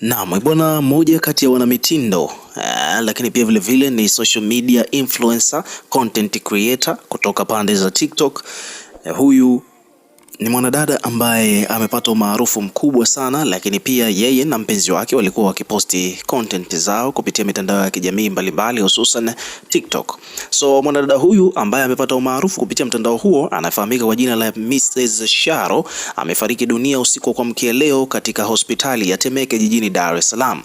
Naam, bwana mmoja kati ya wanamitindo Uh, lakini pia vile vile ni social media influencer, content creator kutoka pande za TikTok. Uh, huyu ni mwanadada ambaye amepata umaarufu mkubwa sana, lakini pia yeye na mpenzi wake walikuwa wakiposti content zao kupitia mitandao ya kijamii mbalimbali, hususan TikTok. So mwanadada huyu ambaye amepata umaarufu kupitia mtandao huo anafahamika kwa jina la Mrs. Sharo amefariki dunia usiku wa kuamkia leo katika hospitali ya Temeke jijini Dar es Salaam.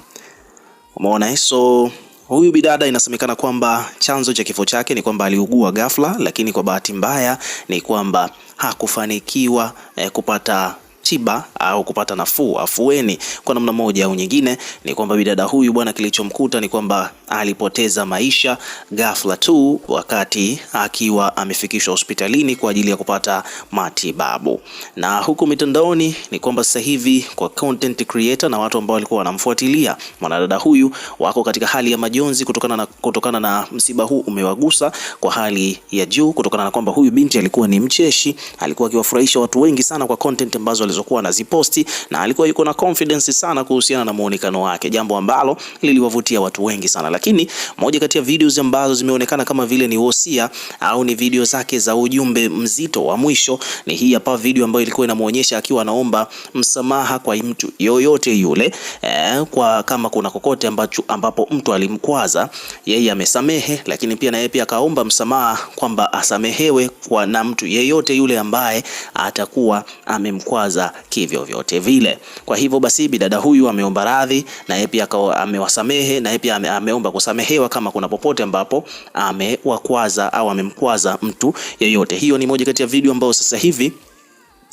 Umeona eh? so Huyu bidada inasemekana kwamba chanzo cha kifo chake ni kwamba aliugua ghafla, lakini kwa bahati mbaya ni kwamba hakufanikiwa eh, kupata tiba au kupata nafuu afueni. Kwa namna moja au nyingine, ni kwamba bidada huyu bwana, kilichomkuta ni kwamba alipoteza maisha ghafla tu wakati akiwa amefikishwa hospitalini kwa ajili ya kupata matibabu. Na huku mitandaoni ni kwamba sasa hivi kwa content creator na watu ambao walikuwa wanamfuatilia mwanadada huyu wako katika hali ya majonzi kutokana na, kutokana na msiba huu umewagusa kwa hali ya juu, kutokana na kwamba huyu binti alikuwa ni mcheshi, alikuwa akiwafurahisha watu wengi sana kwa content ambazo alizokuwa anaziposti na alikuwa yuko na confidence sana kuhusiana na muonekano wake, jambo ambalo liliwavutia watu wengi sana. Lakini moja kati ya videos ambazo zimeonekana kama vile ni wosia au ni video zake za ujumbe mzito wa mwisho ni hii hapa video ambayo ilikuwa inamuonyesha akiwa anaomba msamaha kwa mtu yoyote yule eh, kwa kama kuna kokote ambacho ambapo mtu alimkwaza yeye amesamehe, lakini pia na yeye pia akaomba msamaha kwamba asamehewe kwa na mtu yeyote yule ambaye atakuwa amemkwaza kucheza kivyo vyote vile. Kwa hivyo basi bidada huyu ameomba radhi na yeye pia amewasamehe na yeye pia ame, ameomba kusamehewa kama kuna popote ambapo amewakwaza au amemkwaza mtu yeyote. Hiyo ni moja kati ya video ambayo sasa hivi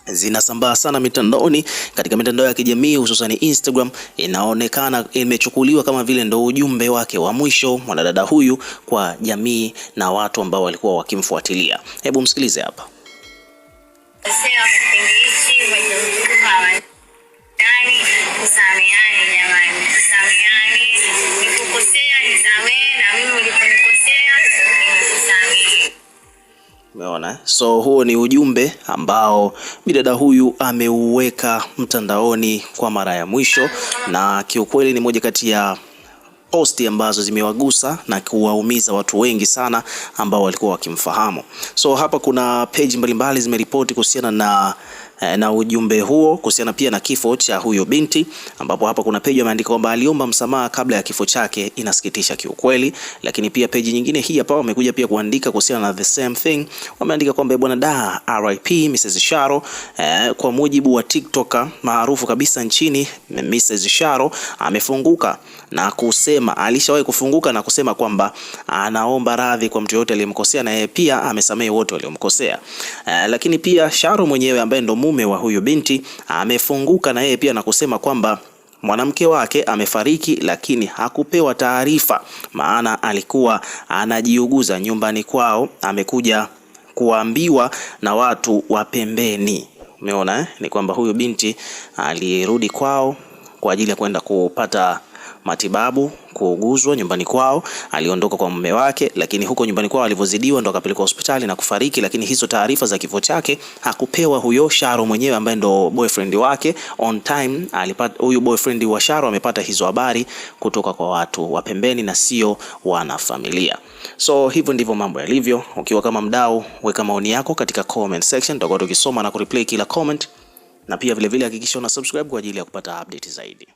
zinasambaa sana mitandaoni, katika mitandao ya kijamii hususan Instagram. Inaonekana imechukuliwa kama vile ndo ujumbe wake wa mwisho mwanadada huyu kwa jamii na watu ambao walikuwa wakimfuatilia. Hebu msikilize hapa. Umeona, so huo ni ujumbe ambao bidada huyu ameuweka mtandaoni kwa mara ya mwisho, na kiukweli ni moja kati ya posti ambazo zimewagusa na kuwaumiza watu wengi sana ambao walikuwa wakimfahamu. So hapa kuna page mbalimbali zimeripoti kuhusiana na Eh, na ujumbe huo kuhusiana pia na kifo cha huyo binti, ambapo hapa kuna peji ameandika kwamba aliomba msamaha kabla ya kifo chake. Inasikitisha kiukweli, lakini pia peji nyingine hii hapa wamekuja pia kuandika kuhusiana na the same thing, wameandika kwamba bwana da RIP Mrs Sharo. Eh, kwa mujibu wa TikToker maarufu kabisa nchini Mrs Sharo amefunguka na kusema alishawahi kufunguka na kusema kwamba anaomba radhi kwa mtu yote aliyemkosea na yeye pia amesamehe wote waliomkosea. Eh, lakini pia Sharo mwenyewe ambaye ndo mu mume wa huyu binti amefunguka na yeye pia na kusema kwamba mwanamke wake amefariki, lakini hakupewa taarifa, maana alikuwa anajiuguza nyumbani kwao. Amekuja kuambiwa na watu wa pembeni. Umeona eh? Ni kwamba huyu binti alirudi kwao kwa ajili ya kwenda kupata matibabu kuuguzwa nyumbani kwao. Aliondoka kwa mume wake, lakini huko nyumbani kwao alivyozidiwa ndo akapelekwa hospitali na kufariki. Lakini hizo taarifa za kifo chake hakupewa huyo Sharo mwenyewe ambaye ndo boyfriend wake on time. Alipata huyu boyfriend wa Sharo amepata hizo habari kutoka kwa watu wa pembeni na sio wanafamilia. So hivyo ndivyo mambo yalivyo. Ukiwa kama mdau, weka maoni yako katika comment section, tutakuwa tukisoma na kureplay kila comment, na pia vilevile hakikisha una subscribe kwa ajili ya kupata update zaidi.